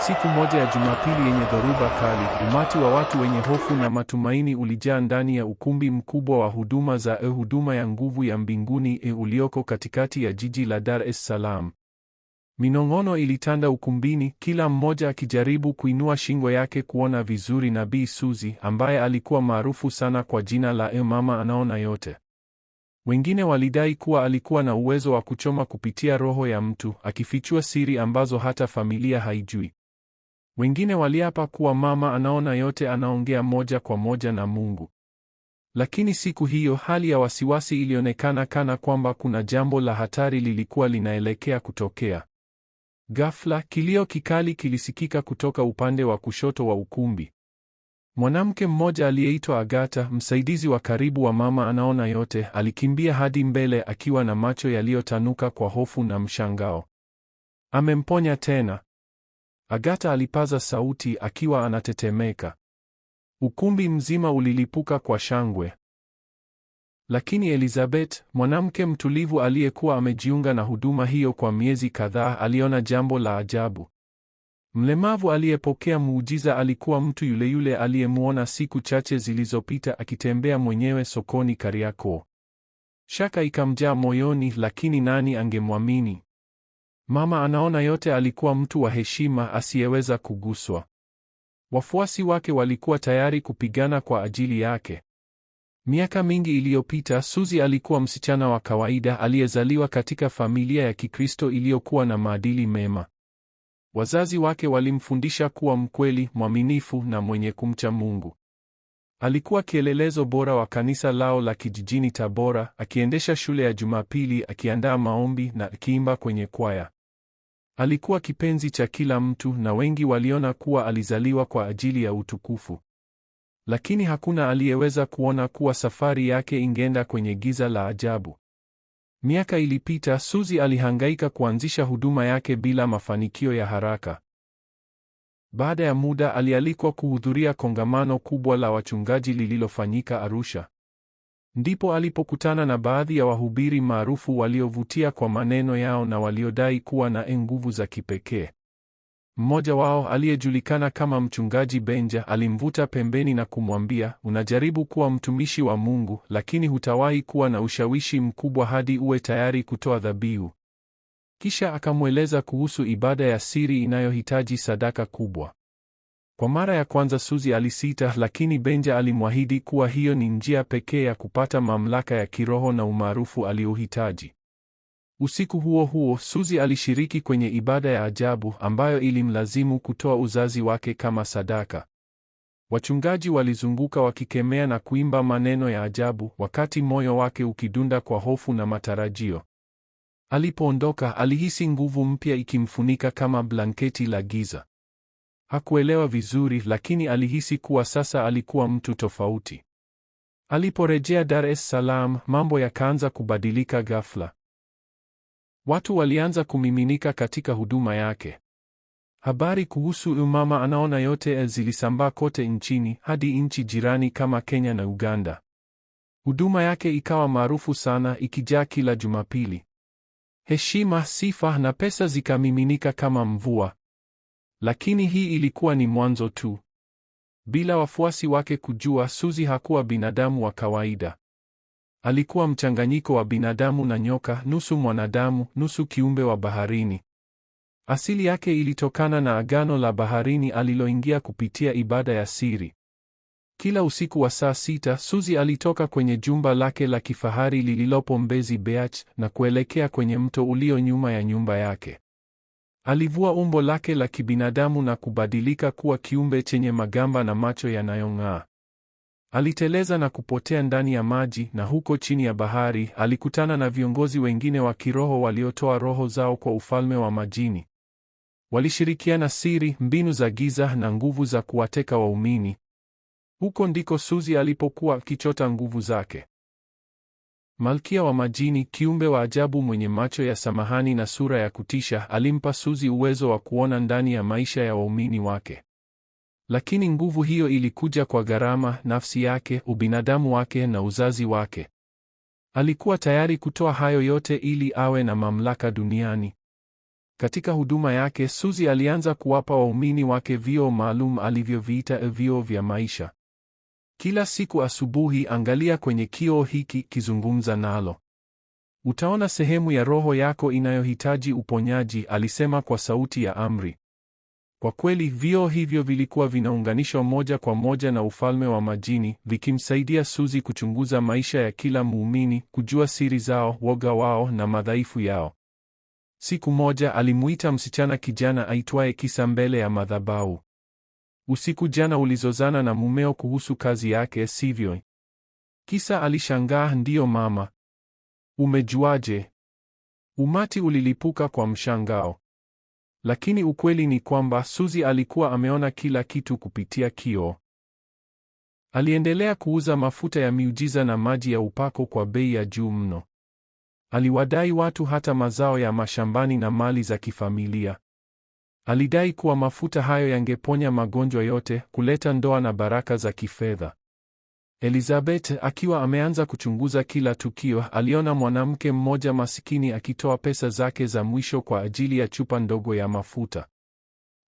Siku moja ya Jumapili yenye dhoruba kali, umati wa watu wenye hofu na matumaini ulijaa ndani ya ukumbi mkubwa wa huduma za e huduma ya nguvu ya mbinguni e ulioko katikati ya jiji la Dar es Salaam. Minong'ono ilitanda ukumbini, kila mmoja akijaribu kuinua shingo yake kuona vizuri Nabii Suzi ambaye alikuwa maarufu sana kwa jina la e mama anaona yote. Wengine walidai kuwa alikuwa na uwezo wa kuchoma kupitia roho ya mtu, akifichua siri ambazo hata familia haijui. Wengine waliapa kuwa mama anaona yote, anaongea moja kwa moja na Mungu. Lakini siku hiyo hali ya wasiwasi ilionekana kana kwamba kuna jambo la hatari lilikuwa linaelekea kutokea. Ghafla kilio kikali kilisikika kutoka upande wa kushoto wa ukumbi. Mwanamke mmoja aliyeitwa Agata, msaidizi wa karibu wa mama anaona yote, alikimbia hadi mbele akiwa na macho yaliyotanuka kwa hofu na mshangao. Amemponya tena? Agata alipaza sauti akiwa anatetemeka. Ukumbi mzima ulilipuka kwa shangwe. Lakini Elizabeth, mwanamke mtulivu aliyekuwa amejiunga na huduma hiyo kwa miezi kadhaa, aliona jambo la ajabu. Mlemavu aliyepokea muujiza alikuwa mtu yule yule aliyemwona siku chache zilizopita akitembea mwenyewe sokoni Kariakoo. Shaka ikamjaa moyoni, lakini nani angemwamini? Mama anaona yote alikuwa mtu wa heshima asiyeweza kuguswa. Wafuasi wake walikuwa tayari kupigana kwa ajili yake. Miaka mingi iliyopita, Suzi alikuwa msichana wa kawaida aliyezaliwa katika familia ya Kikristo iliyokuwa na maadili mema. Wazazi wake walimfundisha kuwa mkweli, mwaminifu na mwenye kumcha Mungu. Alikuwa kielelezo bora wa kanisa lao la kijijini Tabora, akiendesha shule ya Jumapili, akiandaa maombi na akiimba kwenye kwaya. Alikuwa kipenzi cha kila mtu na wengi waliona kuwa alizaliwa kwa ajili ya utukufu. Lakini hakuna aliyeweza kuona kuwa safari yake ingeenda kwenye giza la ajabu. Miaka ilipita, suzi alihangaika kuanzisha huduma yake bila mafanikio ya haraka. Baada ya muda, alialikwa kuhudhuria kongamano kubwa la wachungaji lililofanyika Arusha. Ndipo alipokutana na baadhi ya wahubiri maarufu waliovutia kwa maneno yao na waliodai kuwa na nguvu za kipekee. Mmoja wao aliyejulikana kama Mchungaji Benja alimvuta pembeni na kumwambia, unajaribu kuwa mtumishi wa Mungu, lakini hutawahi kuwa na ushawishi mkubwa hadi uwe tayari kutoa dhabihu. Kisha akamweleza kuhusu ibada ya siri inayohitaji sadaka kubwa. Kwa mara ya kwanza Suzi alisita, lakini Benja alimwahidi kuwa hiyo ni njia pekee ya kupata mamlaka ya kiroho na umaarufu aliohitaji. Usiku huo huo, suzi alishiriki kwenye ibada ya ajabu ambayo ilimlazimu kutoa uzazi wake kama sadaka. Wachungaji walizunguka wakikemea na kuimba maneno ya ajabu, wakati moyo wake ukidunda kwa hofu na matarajio. Alipoondoka, alihisi nguvu mpya ikimfunika kama blanketi la giza. Hakuelewa vizuri, lakini alihisi kuwa sasa alikuwa mtu tofauti. Aliporejea Dar es Salaam, mambo yakaanza kubadilika ghafla. Watu walianza kumiminika katika huduma yake. Habari kuhusu umama Anaona Yote zilisambaa kote nchini hadi nchi jirani kama Kenya na Uganda. Huduma yake ikawa maarufu sana, ikijaa kila Jumapili. Heshima, sifa na pesa zikamiminika kama mvua. Lakini hii ilikuwa ni mwanzo tu. Bila wafuasi wake kujua, Suzi hakuwa binadamu wa kawaida. Alikuwa mchanganyiko wa binadamu na nyoka, nusu mwanadamu, nusu kiumbe wa baharini. Asili yake ilitokana na agano la baharini aliloingia kupitia ibada ya siri. Kila usiku wa saa sita, Suzi alitoka kwenye jumba lake la kifahari lililopo Mbezi Beach na kuelekea kwenye mto ulio nyuma ya nyumba yake. Alivua umbo lake la kibinadamu na kubadilika kuwa kiumbe chenye magamba na macho yanayong'aa. Aliteleza na kupotea ndani ya maji, na huko chini ya bahari alikutana na viongozi wengine wa kiroho waliotoa roho zao kwa ufalme wa majini. Walishirikiana siri, mbinu za giza na nguvu za kuwateka waumini. Huko ndiko Suzi alipokuwa akichota nguvu zake. Malkia wa majini, kiumbe wa ajabu mwenye macho ya samahani na sura ya kutisha, alimpa Suzi uwezo wa kuona ndani ya maisha ya waumini wake. Lakini nguvu hiyo ilikuja kwa gharama: nafsi yake, ubinadamu wake na uzazi wake. Alikuwa tayari kutoa hayo yote ili awe na mamlaka duniani. Katika huduma yake, Suzi alianza kuwapa waumini wake vyoo maalum alivyoviita vyoo vya maisha. Kila siku asubuhi, angalia kwenye kioo hiki, kizungumza nalo. Utaona sehemu ya roho yako inayohitaji uponyaji, alisema kwa sauti ya amri. Kwa kweli vioo hivyo vilikuwa vinaunganishwa moja kwa moja na ufalme wa majini, vikimsaidia Suzi kuchunguza maisha ya kila muumini, kujua siri zao, woga wao na madhaifu yao. Siku moja alimuita msichana kijana aitwaye Kisa mbele ya madhabahu. Usiku jana ulizozana na mumeo kuhusu kazi yake, sivyo? Kisa alishangaa. Ndiyo mama. Umejuaje? Umati ulilipuka kwa mshangao. Lakini ukweli ni kwamba Suzi alikuwa ameona kila kitu kupitia kioo. Aliendelea kuuza mafuta ya miujiza na maji ya upako kwa bei ya juu mno. Aliwadai watu hata mazao ya mashambani na mali za kifamilia. Alidai kuwa mafuta hayo yangeponya magonjwa yote, kuleta ndoa na baraka za kifedha. Elizabeth akiwa ameanza kuchunguza kila tukio, aliona mwanamke mmoja masikini akitoa pesa zake za mwisho kwa ajili ya chupa ndogo ya mafuta.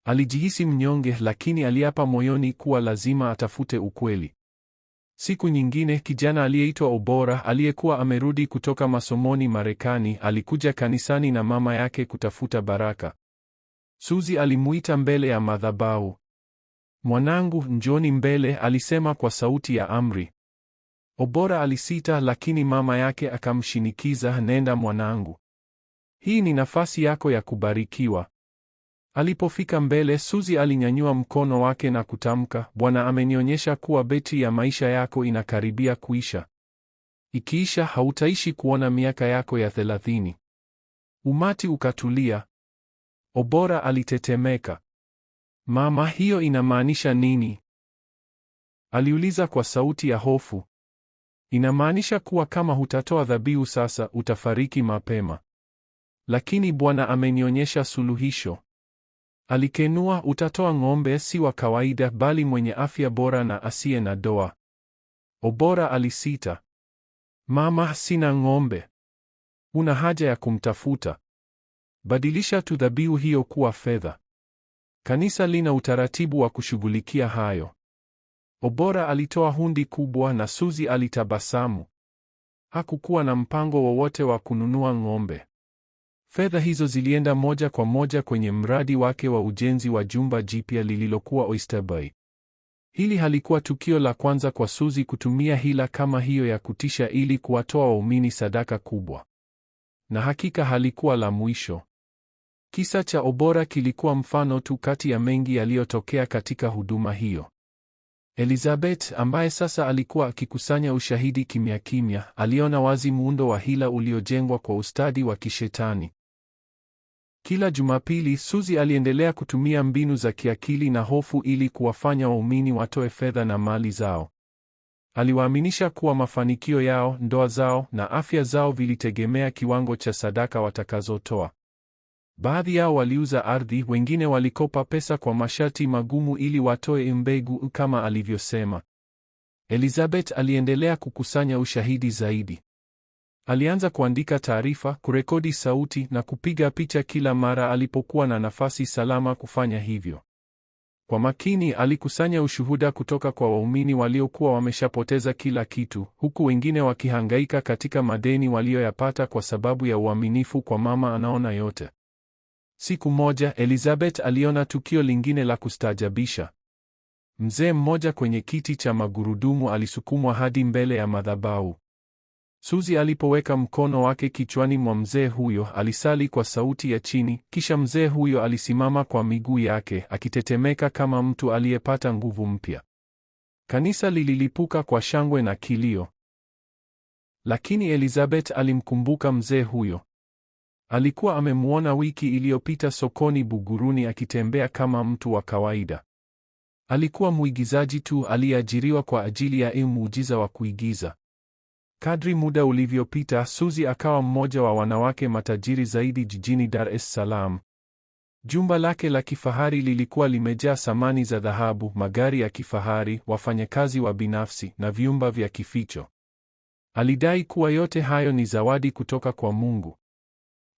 Alijihisi mnyonge, lakini aliapa moyoni kuwa lazima atafute ukweli. Siku nyingine kijana aliyeitwa Obora aliyekuwa amerudi kutoka masomoni Marekani alikuja kanisani na mama yake kutafuta baraka. Suzi alimuita mbele ya madhabahu. Mwanangu, njoni mbele, alisema kwa sauti ya amri. Obora alisita, lakini mama yake akamshinikiza, nenda mwanangu, hii ni nafasi yako ya kubarikiwa. Alipofika mbele, Suzi alinyanyua mkono wake na kutamka, Bwana amenionyesha kuwa beti ya maisha yako inakaribia kuisha. Ikiisha hautaishi kuona miaka yako ya thelathini. Umati ukatulia. Obora alitetemeka. Mama, hiyo inamaanisha nini? aliuliza kwa sauti ya hofu. Inamaanisha kuwa kama hutatoa dhabihu sasa utafariki mapema. Lakini Bwana amenionyesha suluhisho. Alikenua, utatoa ng'ombe si wa kawaida bali mwenye afya bora na asiye na doa. Obora alisita. Mama, sina ng'ombe. Una haja ya kumtafuta. Badilisha tu dhabihu hiyo kuwa fedha. Kanisa lina utaratibu wa kushughulikia hayo. Obora alitoa hundi kubwa na Suzi alitabasamu. Hakukuwa na mpango wowote wa kununua ng'ombe. Fedha hizo zilienda moja kwa moja kwenye mradi wake wa ujenzi wa jumba jipya lililokuwa Oyster Bay. Hili halikuwa tukio la kwanza kwa Suzi kutumia hila kama hiyo ya kutisha ili kuwatoa waumini sadaka kubwa, na hakika halikuwa la mwisho. Kisa cha Obora kilikuwa mfano tu kati ya mengi yaliyotokea katika huduma hiyo. Elizabeth ambaye sasa alikuwa akikusanya ushahidi kimya kimya, aliona wazi muundo wa hila uliojengwa kwa ustadi wa kishetani. Kila Jumapili Suzi aliendelea kutumia mbinu za kiakili na hofu ili kuwafanya waumini watoe fedha na mali zao. Aliwaaminisha kuwa mafanikio yao, ndoa zao na afya zao vilitegemea kiwango cha sadaka watakazotoa. Baadhi yao waliuza ardhi, wengine walikopa pesa kwa masharti magumu ili watoe mbegu kama alivyosema. Elizabeth aliendelea kukusanya ushahidi zaidi. Alianza kuandika taarifa, kurekodi sauti na kupiga picha kila mara alipokuwa na nafasi salama kufanya hivyo. Kwa makini alikusanya ushuhuda kutoka kwa waumini waliokuwa wameshapoteza kila kitu, huku wengine wakihangaika katika madeni waliyoyapata kwa sababu ya uaminifu kwa mama anaona yote. Siku moja Elizabeth aliona tukio lingine la kustaajabisha. Mzee mmoja kwenye kiti cha magurudumu alisukumwa hadi mbele ya madhabahu. Suzi alipoweka mkono wake kichwani mwa mzee huyo, alisali kwa sauti ya chini, kisha mzee huyo alisimama kwa miguu yake akitetemeka kama mtu aliyepata nguvu mpya. Kanisa lililipuka kwa shangwe na kilio. Lakini Elizabeth alimkumbuka mzee huyo. Alikuwa amemwona wiki iliyopita sokoni Buguruni akitembea kama mtu wa kawaida. Alikuwa mwigizaji tu aliyeajiriwa kwa ajili ya muujiza wa kuigiza. Kadri muda ulivyopita, Suzi akawa mmoja wa wanawake matajiri zaidi jijini Dar es Salaam. Jumba lake la kifahari lilikuwa limejaa samani za dhahabu, magari ya kifahari, wafanyakazi wa binafsi na vyumba vya kificho. Alidai kuwa yote hayo ni zawadi kutoka kwa Mungu.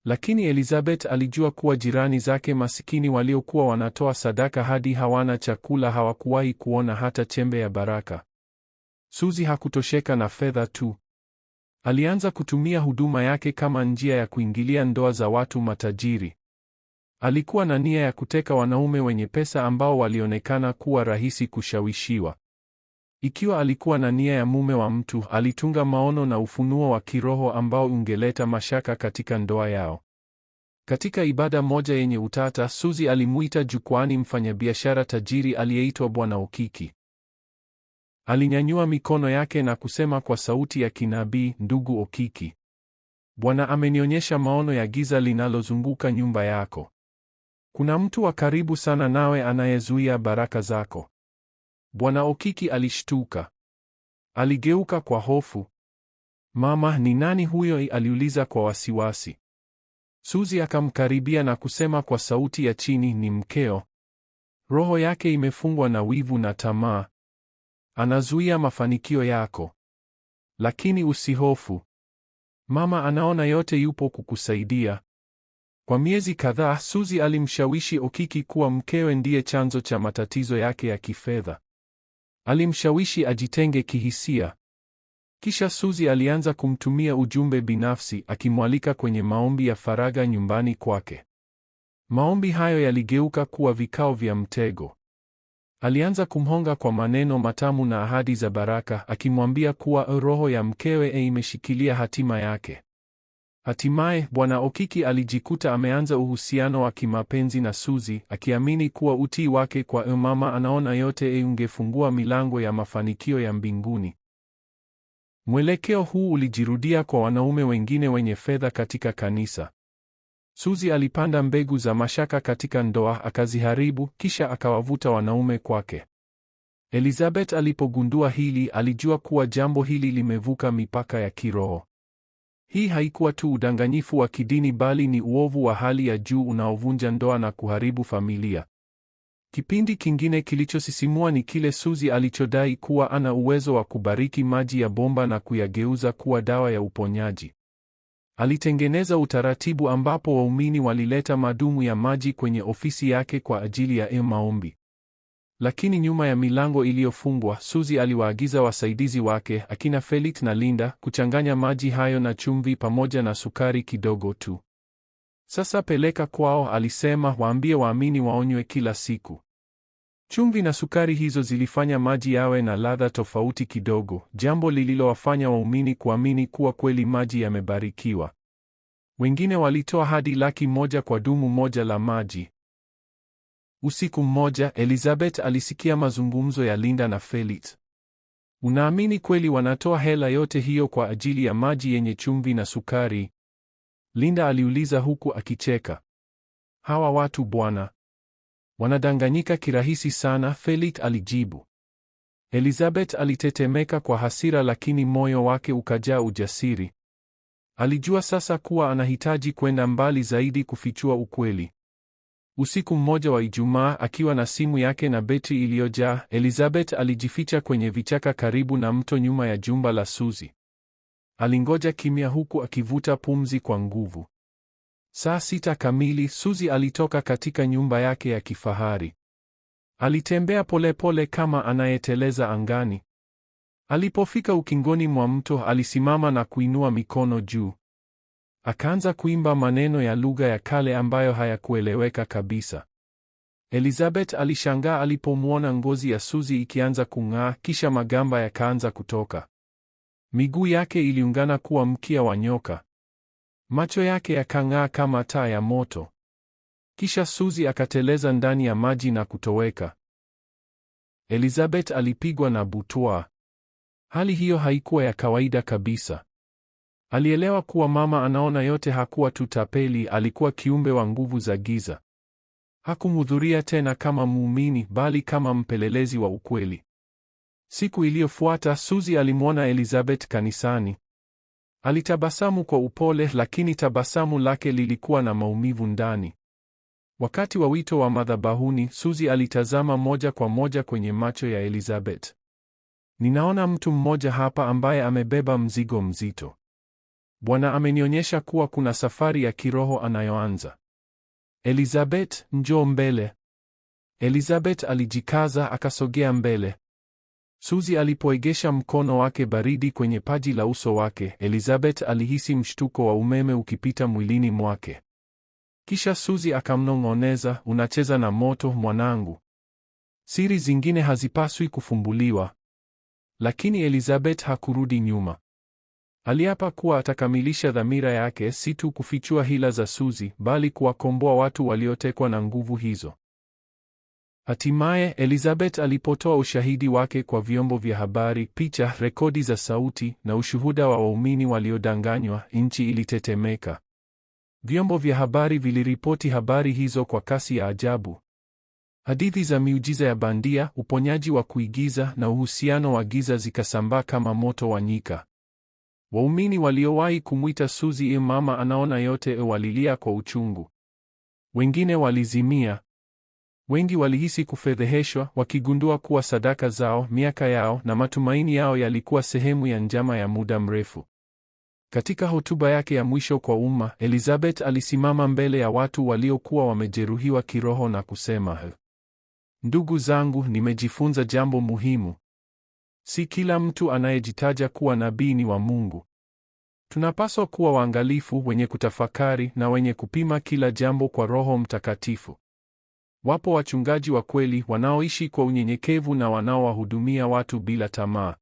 Lakini Elizabeth alijua kuwa jirani zake masikini waliokuwa wanatoa sadaka hadi hawana chakula hawakuwahi kuona hata chembe ya baraka. Suzi hakutosheka na fedha tu. Alianza kutumia huduma yake kama njia ya kuingilia ndoa za watu matajiri. Alikuwa na nia ya kuteka wanaume wenye pesa ambao walionekana kuwa rahisi kushawishiwa. Ikiwa alikuwa na nia ya mume wa mtu, alitunga maono na ufunuo wa kiroho ambao ungeleta mashaka katika ndoa yao. Katika ibada moja yenye utata, Suzi alimuita jukwani mfanyabiashara tajiri aliyeitwa Bwana Okiki. Alinyanyua mikono yake na kusema kwa sauti ya kinabii, "Ndugu Okiki, Bwana amenionyesha maono ya giza linalozunguka nyumba yako. Kuna mtu wa karibu sana nawe anayezuia baraka zako. Bwana Okiki alishtuka, aligeuka kwa hofu. Mama, ni nani huyo? aliuliza kwa wasiwasi. Suzi akamkaribia na kusema kwa sauti ya chini, ni mkeo. Roho yake imefungwa na wivu na tamaa, anazuia mafanikio yako. Lakini usihofu, mama anaona yote, yupo kukusaidia. Kwa miezi kadhaa, Suzi alimshawishi Okiki kuwa mkewe ndiye chanzo cha matatizo yake ya kifedha. Alimshawishi ajitenge kihisia. Kisha Suzi alianza kumtumia ujumbe binafsi akimwalika kwenye maombi ya faraga nyumbani kwake. Maombi hayo yaligeuka kuwa vikao vya mtego. Alianza kumhonga kwa maneno matamu na ahadi za baraka akimwambia kuwa roho ya mkewe imeshikilia hatima yake. Hatimaye Bwana Okiki alijikuta ameanza uhusiano wa kimapenzi na suzi akiamini kuwa utii wake kwa e mama anaona yote e ungefungua milango ya mafanikio ya mbinguni. Mwelekeo huu ulijirudia kwa wanaume wengine wenye fedha katika kanisa. suzi alipanda mbegu za mashaka katika ndoa, akaziharibu, kisha akawavuta wanaume kwake. Elizabeth alipogundua hili, alijua kuwa jambo hili limevuka mipaka ya kiroho. Hii haikuwa tu udanganyifu wa kidini bali ni uovu wa hali ya juu unaovunja ndoa na kuharibu familia. Kipindi kingine kilichosisimua ni kile Suzi alichodai kuwa ana uwezo wa kubariki maji ya bomba na kuyageuza kuwa dawa ya uponyaji. Alitengeneza utaratibu ambapo waumini walileta madumu ya maji kwenye ofisi yake kwa ajili ya maombi. Lakini nyuma ya milango iliyofungwa, Suzi aliwaagiza wasaidizi wake akina Felix na Linda kuchanganya maji hayo na chumvi pamoja na sukari kidogo tu. Sasa peleka kwao, alisema, waambie waamini waonywe kila siku. Chumvi na sukari hizo zilifanya maji yawe na ladha tofauti kidogo, jambo lililowafanya waumini kuamini kuwa kweli maji yamebarikiwa. Wengine walitoa hadi laki moja kwa dumu moja la maji. Usiku mmoja, Elizabeth alisikia mazungumzo ya Linda na Felix. Unaamini kweli wanatoa hela yote hiyo kwa ajili ya maji yenye chumvi na sukari? Linda aliuliza huku akicheka. Hawa watu bwana, wanadanganyika kirahisi sana, Felix alijibu. Elizabeth alitetemeka kwa hasira, lakini moyo wake ukajaa ujasiri. Alijua sasa kuwa anahitaji kwenda mbali zaidi kufichua ukweli. Usiku mmoja wa Ijumaa, akiwa na simu yake na betri iliyojaa, Elizabeth alijificha kwenye vichaka karibu na mto nyuma ya jumba la Suzi. Alingoja kimya huku akivuta pumzi kwa nguvu. Saa sita kamili, Suzi alitoka katika nyumba yake ya kifahari. Alitembea polepole pole kama anayeteleza angani. Alipofika ukingoni mwa mto, alisimama na kuinua mikono juu. Akaanza kuimba maneno ya lugha ya kale ambayo hayakueleweka kabisa. Elizabeth alishangaa alipomwona ngozi ya Suzi ikianza kung'aa, kisha magamba yakaanza kutoka. Miguu yake iliungana kuwa mkia wa nyoka. Macho yake yakang'aa kama taa ya moto. Kisha Suzi akateleza ndani ya maji na kutoweka. Elizabeth alipigwa na butwaa. Hali hiyo haikuwa ya kawaida kabisa. Alielewa kuwa mama anaona yote hakuwa tu tapeli, alikuwa kiumbe wa nguvu za giza. Hakumhudhuria tena kama muumini, bali kama mpelelezi wa ukweli. Siku iliyofuata Suzi alimwona Elizabeth kanisani. Alitabasamu kwa upole, lakini tabasamu lake lilikuwa na maumivu ndani. Wakati wa wito wa madhabahuni, Suzi alitazama moja kwa moja kwenye macho ya Elizabeth. Ninaona mtu mmoja hapa ambaye amebeba mzigo mzito. Bwana amenionyesha kuwa kuna safari ya kiroho anayoanza. Elizabeth, njoo mbele. Elizabeth alijikaza akasogea mbele. Suzi alipoegesha mkono wake baridi kwenye paji la uso wake, Elizabeth alihisi mshtuko wa umeme ukipita mwilini mwake. Kisha Suzi akamnong'oneza, unacheza na moto mwanangu. Siri zingine hazipaswi kufumbuliwa. Lakini Elizabeth hakurudi nyuma. Aliapa kuwa atakamilisha dhamira yake, si tu kufichua hila za Suzi, bali kuwakomboa watu waliotekwa na nguvu hizo. Hatimaye Elizabeth alipotoa ushahidi wake kwa vyombo vya habari, picha, rekodi za sauti na ushuhuda wa waumini waliodanganywa, nchi ilitetemeka. Vyombo vya habari viliripoti habari hizo kwa kasi ya ajabu. Hadithi za miujiza ya bandia, uponyaji wa kuigiza na uhusiano wa giza zikasambaa kama moto wa nyika. Waumini waliowahi kumwita Suzy e mama anaona yote e walilia kwa uchungu. Wengine walizimia. Wengi walihisi kufedheheshwa wakigundua kuwa sadaka zao, miaka yao na matumaini yao yalikuwa sehemu ya njama ya muda mrefu. Katika hotuba yake ya mwisho kwa umma, Elizabeth alisimama mbele ya watu waliokuwa wamejeruhiwa kiroho na kusema, Ndugu zangu, nimejifunza jambo muhimu. Si kila mtu anayejitaja kuwa nabii ni wa Mungu. Tunapaswa kuwa waangalifu, wenye kutafakari na wenye kupima kila jambo kwa Roho Mtakatifu. Wapo wachungaji wa kweli wanaoishi kwa unyenyekevu na wanaowahudumia watu bila tamaa.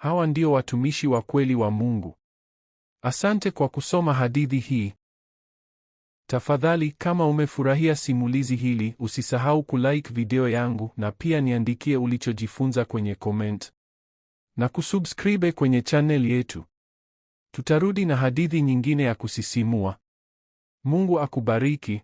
Hawa ndio watumishi wa kweli wa Mungu. Asante kwa kusoma hadithi hii. Tafadhali, kama umefurahia simulizi hili, usisahau kulike video yangu na pia niandikie ulichojifunza kwenye comment na kusubscribe kwenye channel yetu. Tutarudi na hadithi nyingine ya kusisimua. Mungu akubariki.